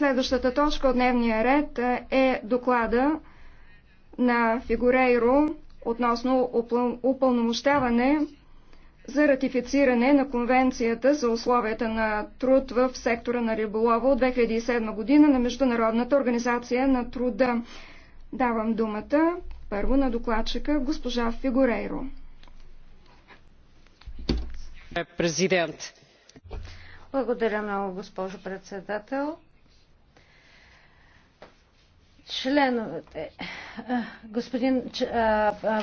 Следващата точка от дневния ред е доклада на Фигурейро относно упълномощаване за ратифициране на Конвенцията за условията на труд в сектора на риболова от 2007 година на Международната организация на труда. Давам думата първо на докладчика госпожа Фигурейро. Президент. Благодаря много, госпожо председател членовете, господин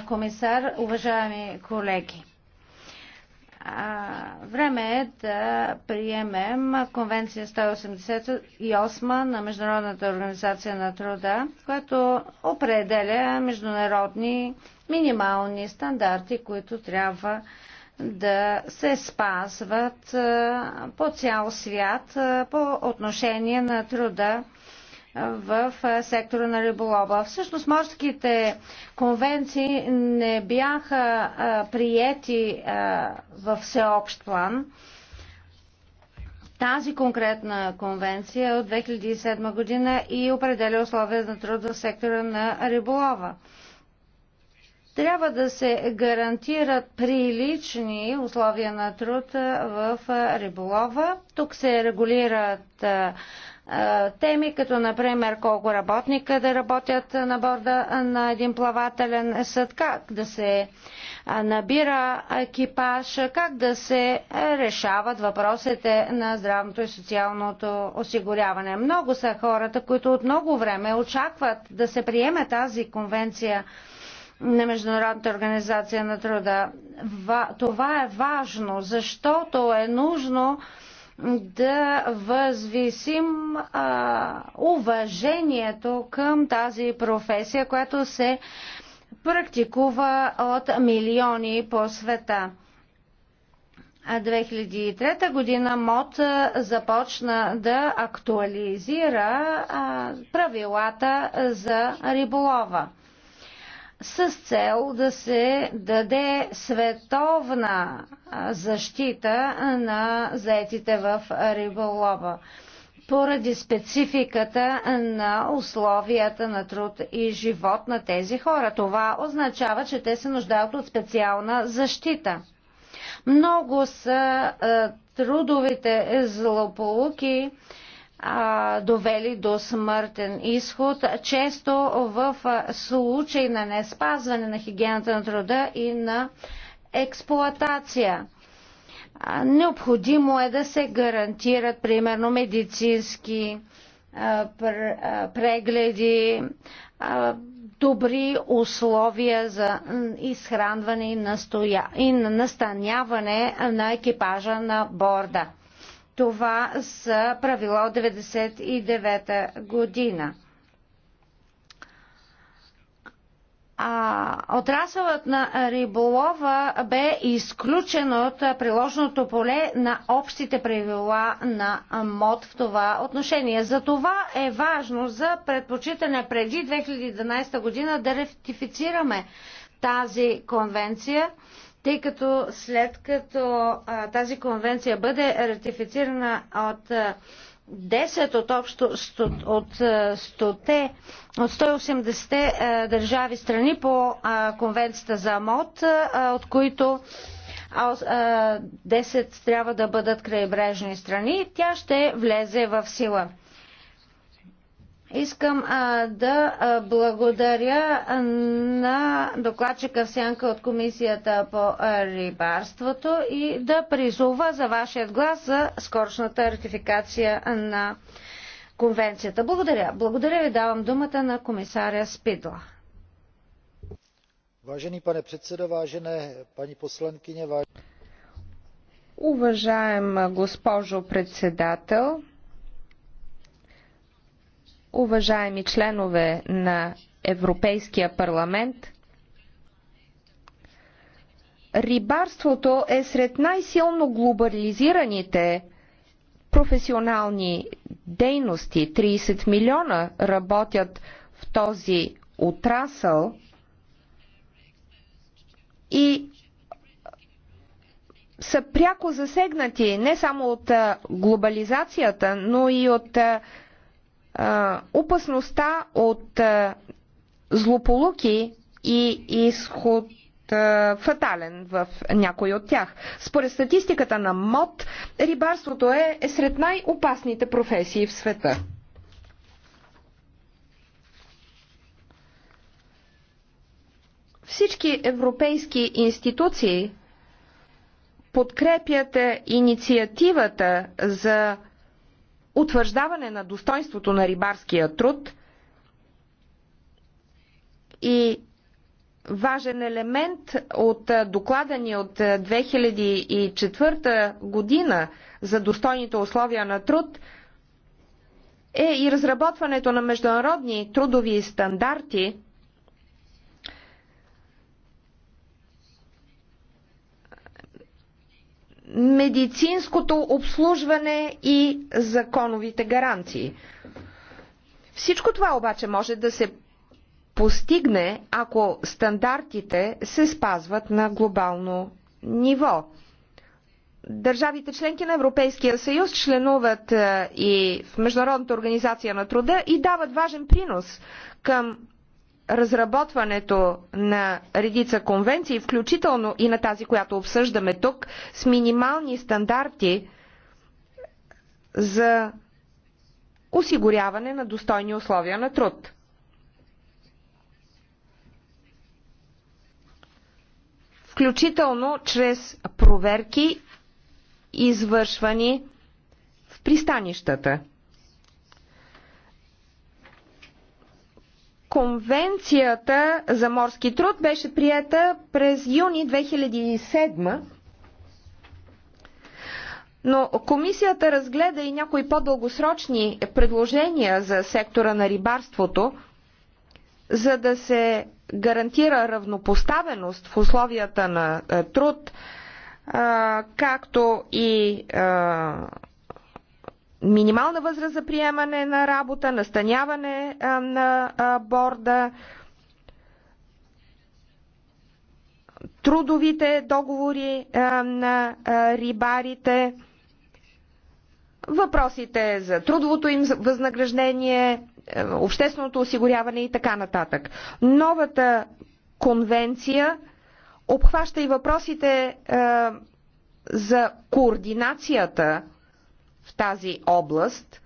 комисар, уважаеми колеги. Време е да приемем Конвенция 188 на Международната организация на труда, която определя международни минимални стандарти, които трябва да се спазват по цял свят по отношение на труда в сектора на риболова. Всъщност морските конвенции не бяха приети в всеобщ план. Тази конкретна конвенция от 2007 година и определя условия на труд в сектора на риболова трябва да се гарантират прилични условия на труд в риболова. Тук се регулират теми, като например колко работника да работят на борда на един плавателен съд, как да се набира екипаж, как да се решават въпросите на здравното и социалното осигуряване. Много са хората, които от много време очакват да се приеме тази конвенция на Международната организация на труда. Това е важно, защото е нужно да възвисим а, уважението към тази професия, която се практикува от милиони по света. 2003 година МОД започна да актуализира правилата за риболова с цел да се даде световна защита на заетите в риболова поради спецификата на условията на труд и живот на тези хора. Това означава, че те се нуждаят от специална защита. Много са трудовите злополуки, довели до смъртен изход, често в случай на неспазване на хигиената на труда и на експлоатация. Необходимо е да се гарантират, примерно, медицински прегледи, добри условия за изхранване и, и настаняване на екипажа на борда. Това са правила от 1999 година. а, отрасълът на риболова бе изключен от приложното поле на общите правила на МОД в това отношение. За това е важно за предпочитане преди 2012 година да ратифицираме тази конвенция тъй като след като а, тази конвенция бъде ратифицирана от а, 10 от общо 100, от 100 от 180 а, държави страни по а, конвенцията за МОД, а, от които 10 трябва да бъдат крайбрежни страни, тя ще влезе в сила. Искам а, да а, благодаря на докладчика Сянка от Комисията по рибарството и да призова за вашият глас за скорочната ратификация на конвенцията. Благодаря. Благодаря ви. Давам думата на комисаря Спидла. Vážený пане председа, vážené пани poslankyně, vážené... Уважаема госпожо председател, уважаеми членове на Европейския парламент, рибарството е сред най-силно глобализираните професионални дейности. 30 милиона работят в този отрасъл и са пряко засегнати не само от глобализацията, но и от опасността от злополуки и изход фатален в някой от тях. Според статистиката на МОД, рибарството е, е сред най-опасните професии в света. Всички европейски институции подкрепят инициативата за утвърждаване на достоинството на рибарския труд и важен елемент от доклада ни от 2004 година за достойните условия на труд е и разработването на международни трудови стандарти, медицинското обслужване и законовите гаранции. Всичко това обаче може да се постигне, ако стандартите се спазват на глобално ниво. Държавите членки на Европейския съюз членуват е, и в Международната организация на труда и дават важен принос към разработването на редица конвенции, включително и на тази, която обсъждаме тук, с минимални стандарти за осигуряване на достойни условия на труд. Включително чрез проверки, извършвани в пристанищата. Конвенцията за морски труд беше приета през юни 2007, но комисията разгледа и някои по-дългосрочни предложения за сектора на рибарството, за да се гарантира равнопоставеност в условията на е, труд, както и минимална възраст за приемане на работа, настаняване на борда, трудовите договори на рибарите, въпросите за трудовото им възнаграждение, общественото осигуряване и така нататък. Новата конвенция обхваща и въпросите за координацията в тази област,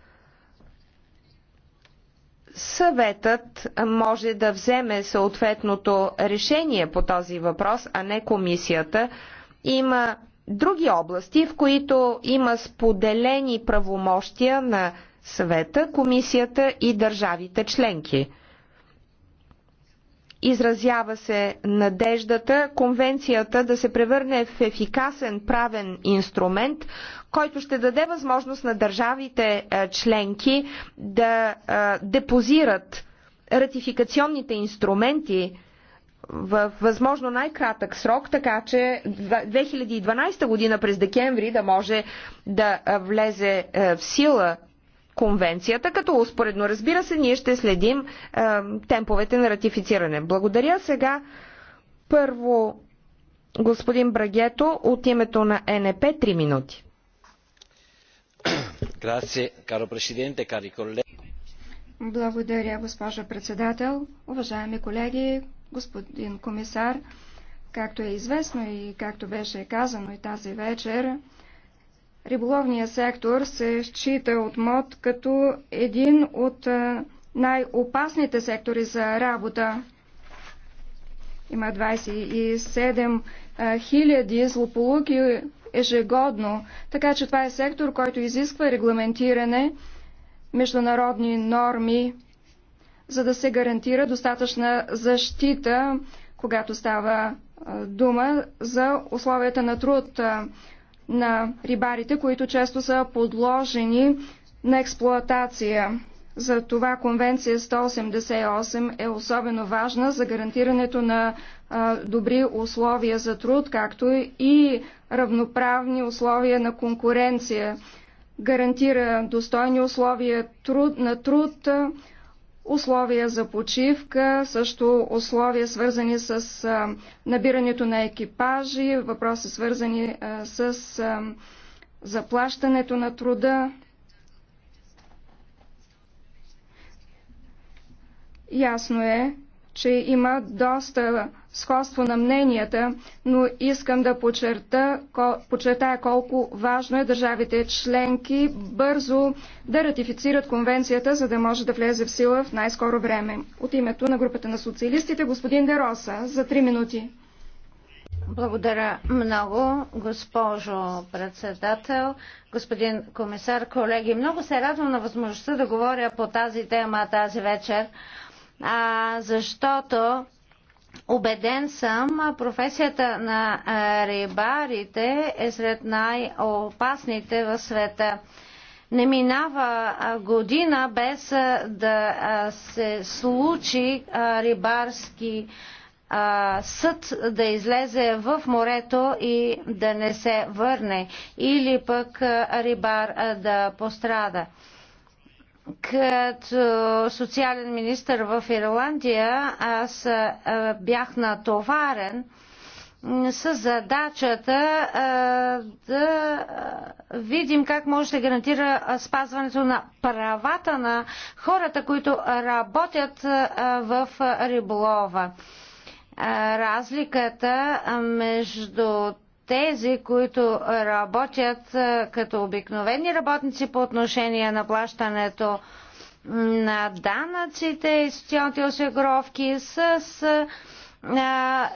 съветът може да вземе съответното решение по този въпрос, а не комисията. Има други области, в които има споделени правомощия на съвета, комисията и държавите членки. Изразява се надеждата конвенцията да се превърне в ефикасен правен инструмент, който ще даде възможност на държавите е, членки да е, депозират ратификационните инструменти в възможно най-кратък срок, така че 2012 година през декември да може да е, влезе в сила конвенцията, като успоредно, разбира се, ние ще следим е, темповете на ратифициране. Благодаря сега първо господин Брагето от името на НП 3 минути. Благодаря, госпожа председател, уважаеми колеги, господин комисар. Както е известно и както беше казано и тази вечер, Риболовният сектор се счита от МОД като един от най-опасните сектори за работа. Има 27 хиляди злополуки ежегодно, така че това е сектор, който изисква регламентиране, международни норми, за да се гарантира достатъчна защита, когато става дума за условията на труд, на рибарите, които често са подложени на експлоатация. За това конвенция 188 е особено важна за гарантирането на добри условия за труд, както и равноправни условия на конкуренция. Гарантира достойни условия на труд, условия за почивка, също условия свързани с а, набирането на екипажи, въпроси свързани а, с а, заплащането на труда. Ясно е, че има доста сходство на мненията, но искам да почерта, подчертая колко важно е държавите членки бързо да ратифицират конвенцията, за да може да влезе в сила в най-скоро време. От името на групата на социалистите, господин Дероса, за 3 минути. Благодаря много, госпожо председател, господин комисар, колеги. Много се радвам на възможността да говоря по тази тема тази вечер, а, защото Обеден съм, професията на рибарите е сред най-опасните в света. Не минава година без да се случи рибарски съд да излезе в морето и да не се върне или пък рибар да пострада като социален министр в Ирландия, аз бях натоварен с задачата да видим как може да се гарантира спазването на правата на хората, които работят в риболова. Разликата между тези, които работят като обикновени работници по отношение на плащането на данъците и социалните осигуровки с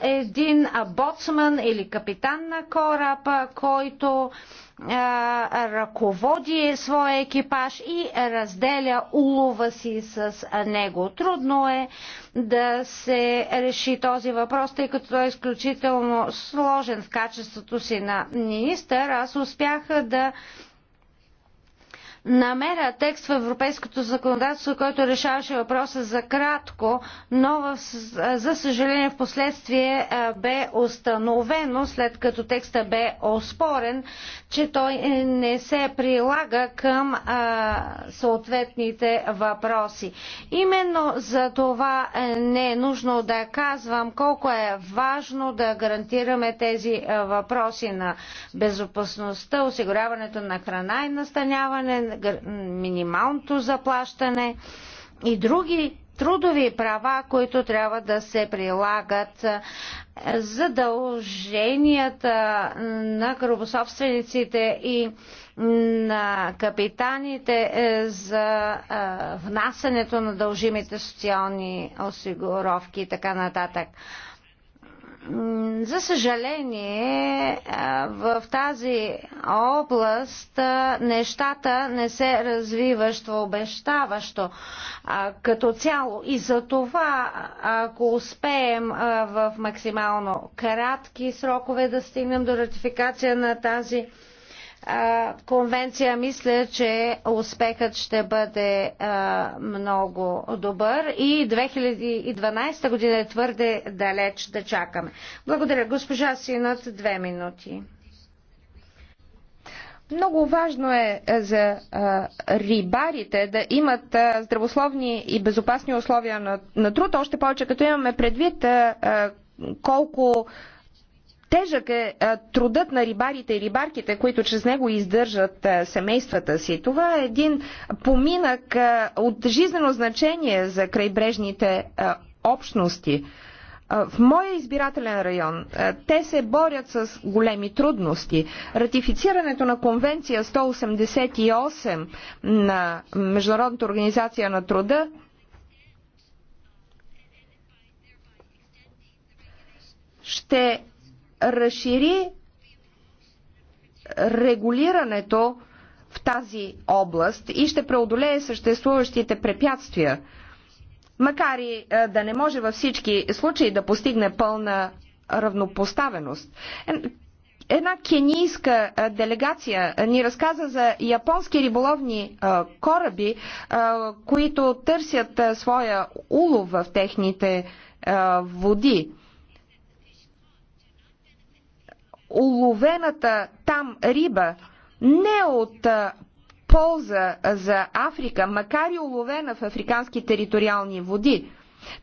един боцман или капитан на кораб, който ръководи своя екипаж и разделя улова си с него. Трудно е да се реши този въпрос, тъй като той е изключително сложен в качеството си на министър. Аз успях да намеря текст в европейското законодателство, който решаваше въпроса за кратко, но в, за съжаление в последствие бе установено, след като текста бе оспорен, че той е, не се прилага към а, съответните въпроси. Именно за това е, не е нужно да казвам колко е важно да гарантираме тези въпроси на безопасността, осигуряването на храна и настаняване, минималното заплащане и други трудови права, които трябва да се прилагат, задълженията на кръвособствениците и на капитаните е, за е, внасянето на дължимите социални осигуровки и така нататък. За съжаление, в тази област нещата не се развиващо обещаващо като цяло. И за това, ако успеем в максимално кратки срокове да стигнем до ратификация на тази конвенция мисля, че успехът ще бъде много добър и 2012 година е твърде далеч да чакаме. Благодаря. Госпожа Синат, две минути. Много важно е, е за рибарите да имат здравословни и безопасни условия на, труд, още повече като имаме предвид колко Тежък е трудът на рибарите и рибарките, които чрез него издържат семействата си. Това е един поминък от жизнено значение за крайбрежните общности. В моя избирателен район те се борят с големи трудности. Ратифицирането на конвенция 188 на Международната организация на труда ще разшири регулирането в тази област и ще преодолее съществуващите препятствия, макар и е, да не може във всички случаи да постигне пълна равнопоставеност. Една кенийска е, делегация ни разказа за японски риболовни е, кораби, които търсят своя улов в техните води уловената там риба не от полза за Африка, макар и уловена в африкански териториални води.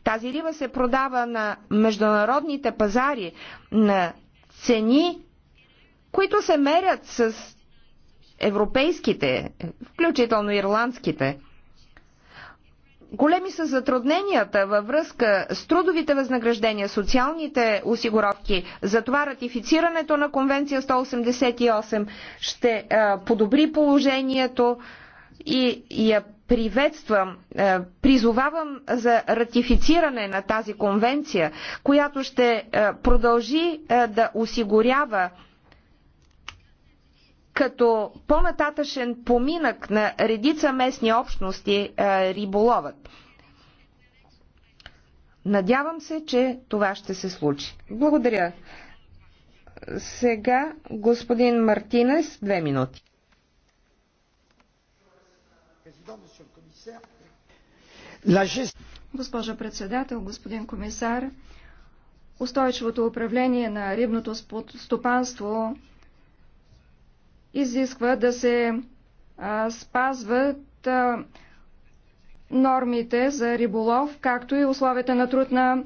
Тази риба се продава на международните пазари на цени, които се мерят с европейските, включително ирландските. Големи са затрудненията във връзка с трудовите възнаграждения, социалните осигуровки. Затова ратифицирането на конвенция 188 ще подобри положението и я приветствам, призовавам за ратифициране на тази конвенция, която ще продължи да осигурява като по-нататъшен поминък на редица местни общности е, риболовът. Надявам се, че това ще се случи. Благодаря. Сега господин Мартинес, две минути. Госпожа председател, господин комисар, устойчивото управление на рибното стопанство изисква да се спазват нормите за риболов, както и условията на труд на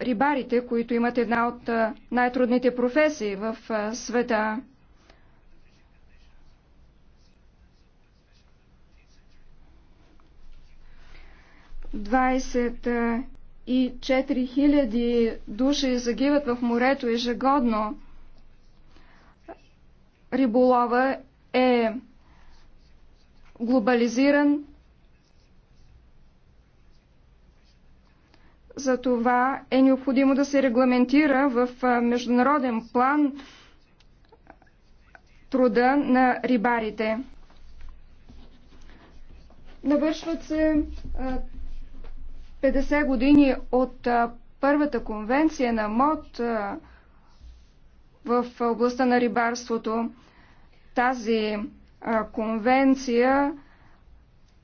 рибарите, които имат една от най-трудните професии в света. Двадесет и четири хиляди души загиват в морето ежегодно риболова е глобализиран. Затова е необходимо да се регламентира в международен план труда на рибарите. Навършват се 50 години от първата конвенция на МОД в областта на рибарството. Тази а, конвенция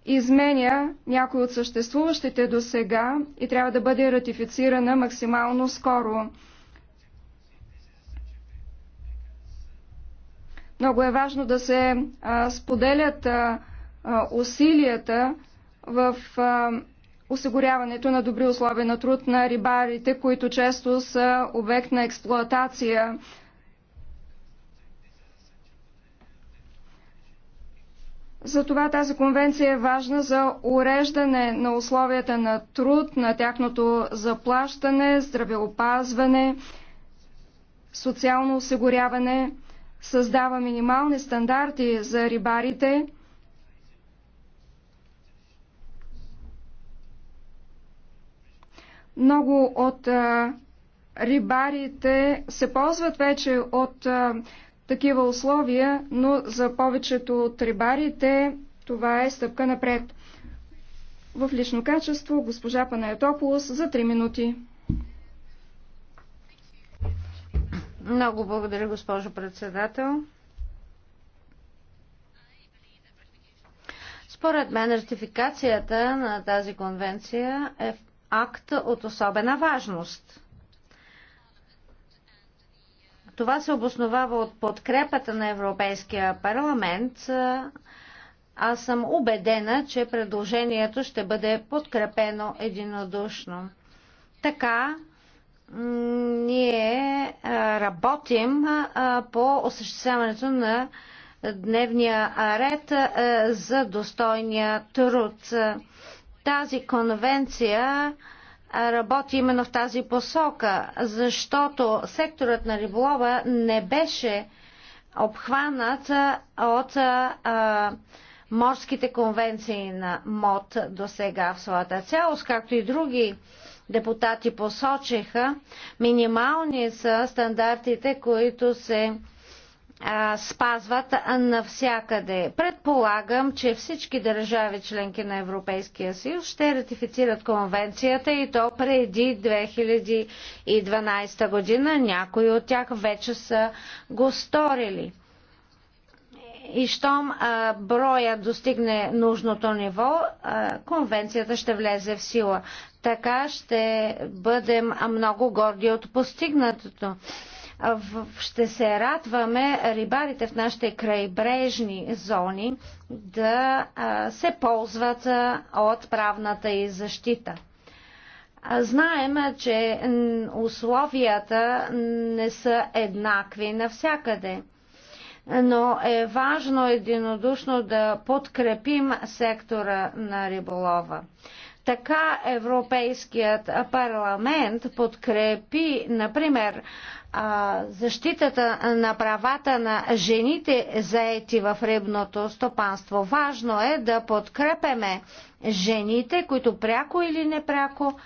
изменя някои от съществуващите до сега и трябва да бъде ратифицирана максимално скоро. Много е важно да се а, споделят а, усилията в а, осигуряването на добри условия на труд на рибарите, които често са обект на експлоатация Затова тази конвенция е важна за уреждане на условията на труд, на тяхното заплащане, здравеопазване, социално осигуряване, създава минимални стандарти за рибарите. Много от а, рибарите се ползват вече от а, такива условия, но за повечето от рибарите това е стъпка напред. В лично качество госпожа Панайотополос за 3 минути. Много благодаря, госпожо председател. Според мен ратификацията на тази конвенция е акт от особена важност. Това се обосновава от подкрепата на Европейския парламент. Аз съм убедена, че предложението ще бъде подкрепено единодушно. Така ние работим по осъществяването на дневния ред за достойния труд. Тази конвенция работи именно в тази посока, защото секторът на риболова не беше обхванат от а, морските конвенции на МОД до сега в своята цялост, както и други депутати посочиха, минимални са стандартите, които се спазват навсякъде. Предполагам, че всички държави членки на Европейския съюз ще ратифицират конвенцията и то преди 2012 година. Някои от тях вече са го сторили. И щом а, броя достигне нужното ниво, а, конвенцията ще влезе в сила. Така ще бъдем много горди от постигнатото ще се радваме рибарите в нашите крайбрежни зони да се ползват от правната и защита. Знаем, че условията не са еднакви навсякъде но е важно единодушно да подкрепим сектора на риболова. Така Европейският парламент подкрепи, например, защитата на правата на жените заети в рибното стопанство. Важно е да подкрепеме жените, които пряко или непряко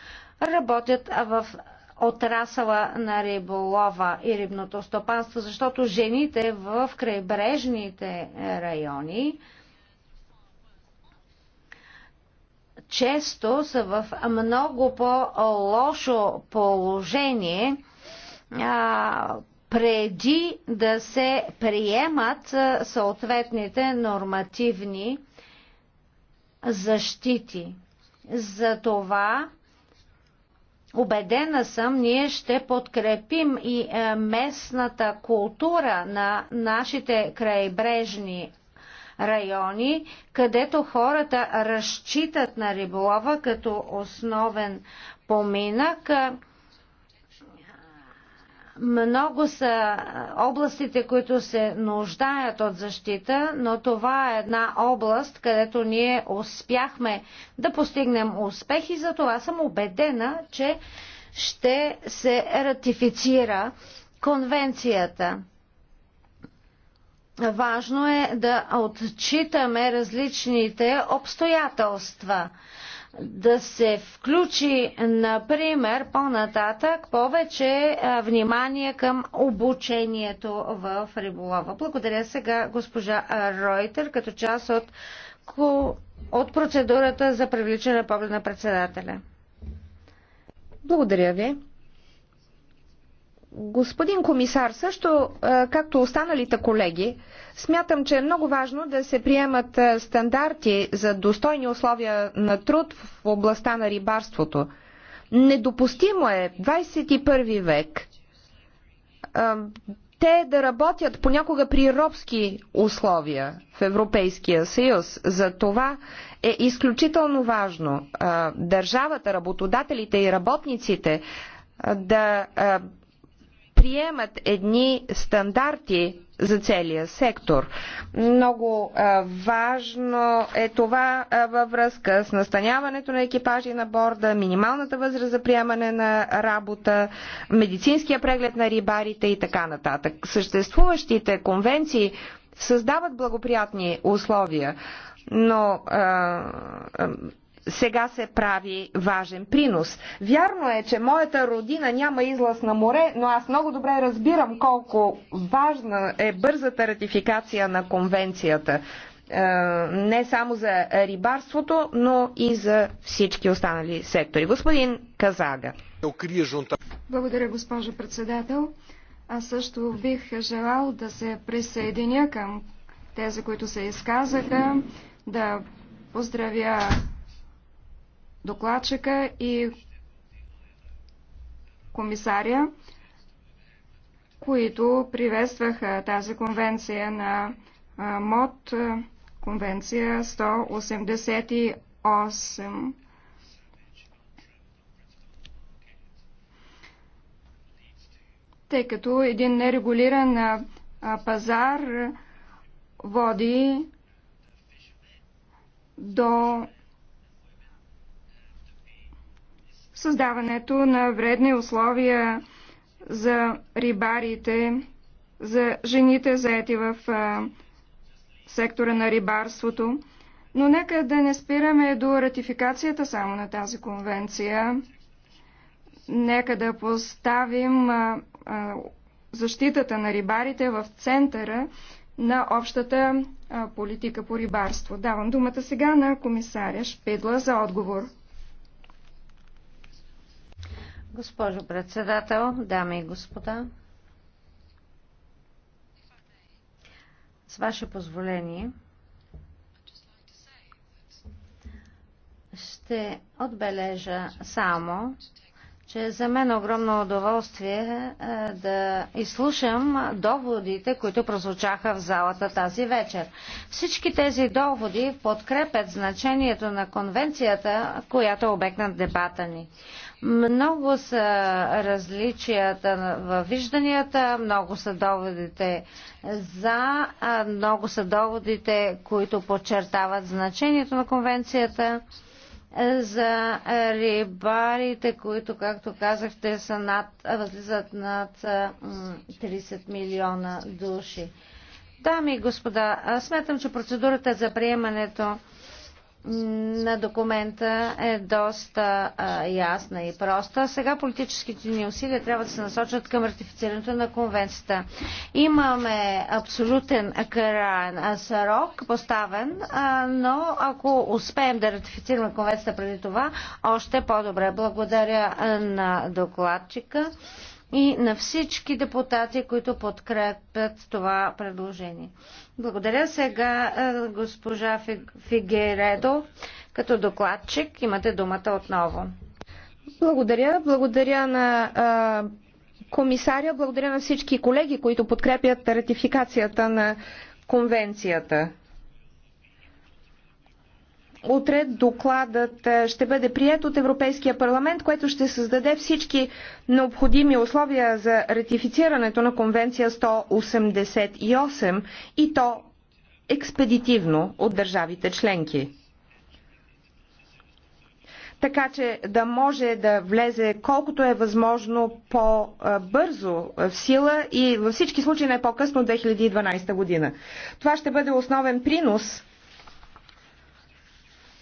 работят в отрасъла на риболова и рибното стопанство, защото жените в крайбрежните райони често са в много по-лошо положение а, преди да се приемат съответните нормативни защити. Затова убедена съм, ние ще подкрепим и местната култура на нашите крайбрежни райони, където хората разчитат на риболова като основен поминък. Много са областите, които се нуждаят от защита, но това е една област, където ние успяхме да постигнем успех и за това съм убедена, че ще се ратифицира конвенцията. Важно е да отчитаме различните обстоятелства да се включи, например, по-нататък повече внимание към обучението в риболова. Благодаря сега госпожа Ройтер като част от, от процедурата за привличане на поглед на председателя. Благодаря ви. Господин комисар, също е, както останалите колеги, смятам, че е много важно да се приемат е, стандарти за достойни условия на труд в областта на рибарството. Недопустимо е 21 век е, те да работят понякога при робски условия в Европейския съюз. За това е изключително важно държавата, работодателите и работниците да приемат едни стандарти за целия сектор. Много а, важно е това а, във връзка с настаняването на екипажи на борда, минималната възраст за приемане на работа, медицинския преглед на рибарите и така нататък. Съществуващите конвенции създават благоприятни условия, но а, а сега се прави важен принос. Вярно е, че моята родина няма излаз на море, но аз много добре разбирам колко важна е бързата ратификация на конвенцията. Е, не само за рибарството, но и за всички останали сектори. Господин Казага. Благодаря, госпожо председател. Аз също бих желал да се присъединя към тези, които се изказаха, да поздравя докладчика и комисаря, които приветстваха тази конвенция на МОД, конвенция 188. Тъй като един нерегулиран пазар води до създаването на вредни условия за рибарите, за жените заети в сектора на рибарството. Но нека да не спираме до ратификацията само на тази конвенция. Нека да поставим защитата на рибарите в центъра на общата политика по рибарство. Давам думата сега на комисаря Шпидла за отговор. Госпожо председател, дами и господа, с ваше позволение ще отбележа само, че за мен е огромно удоволствие е, да изслушам доводите, които прозвучаха в залата тази вечер. Всички тези доводи подкрепят значението на конвенцията, която е обект на дебата ни. Много са различията във вижданията, много са доводите за, много са доводите, които подчертават значението на конвенцията за рибарите, които, както казахте, са над, възлизат над 30 милиона души. Дами и господа, смятам, че процедурата за приемането на документа е доста а, ясна и проста. Сега политическите ни усилия трябва да се насочат към ратифицирането на конвенцията. Имаме абсолютен крайен срок поставен, а, но ако успеем да ратифицираме конвенцията преди това, още по-добре. Благодаря на докладчика и на всички депутати, които подкрепят това предложение. Благодаря сега е, госпожа Фигередо като докладчик. Имате думата отново. Благодаря. Благодаря на а, е, комисаря, благодаря на всички колеги, които подкрепят ратификацията на конвенцията утре докладът е, ще бъде прият от Европейския парламент, което ще създаде всички необходими условия за ратифицирането на конвенция 188 и то експедитивно от държавите членки. Така че да може да влезе колкото е възможно по-бързо в сила и във всички случаи не по-късно 2012 година. Това ще бъде основен принос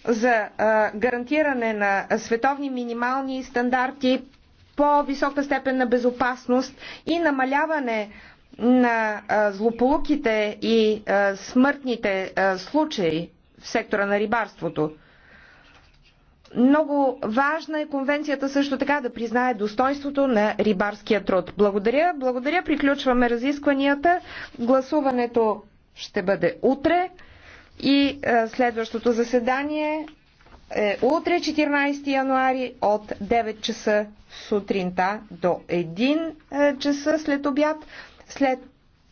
за гарантиране на световни минимални стандарти, по-висока степен на безопасност и намаляване на злополуките и смъртните случаи в сектора на рибарството. Много важна е конвенцията също така да признае достоинството на рибарския труд. Благодаря, благодаря, приключваме разискванията. Гласуването ще бъде утре. И е, следващото заседание е утре, 14 януари, от 9 часа сутринта до 1 е, часа след обяд. След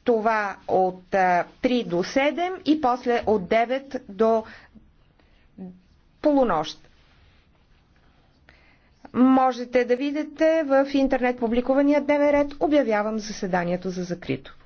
това от 3 е, до 7 и после от 9 до полунощ. Можете да видите в интернет публикувания дневен ред. Обявявам заседанието за закрито.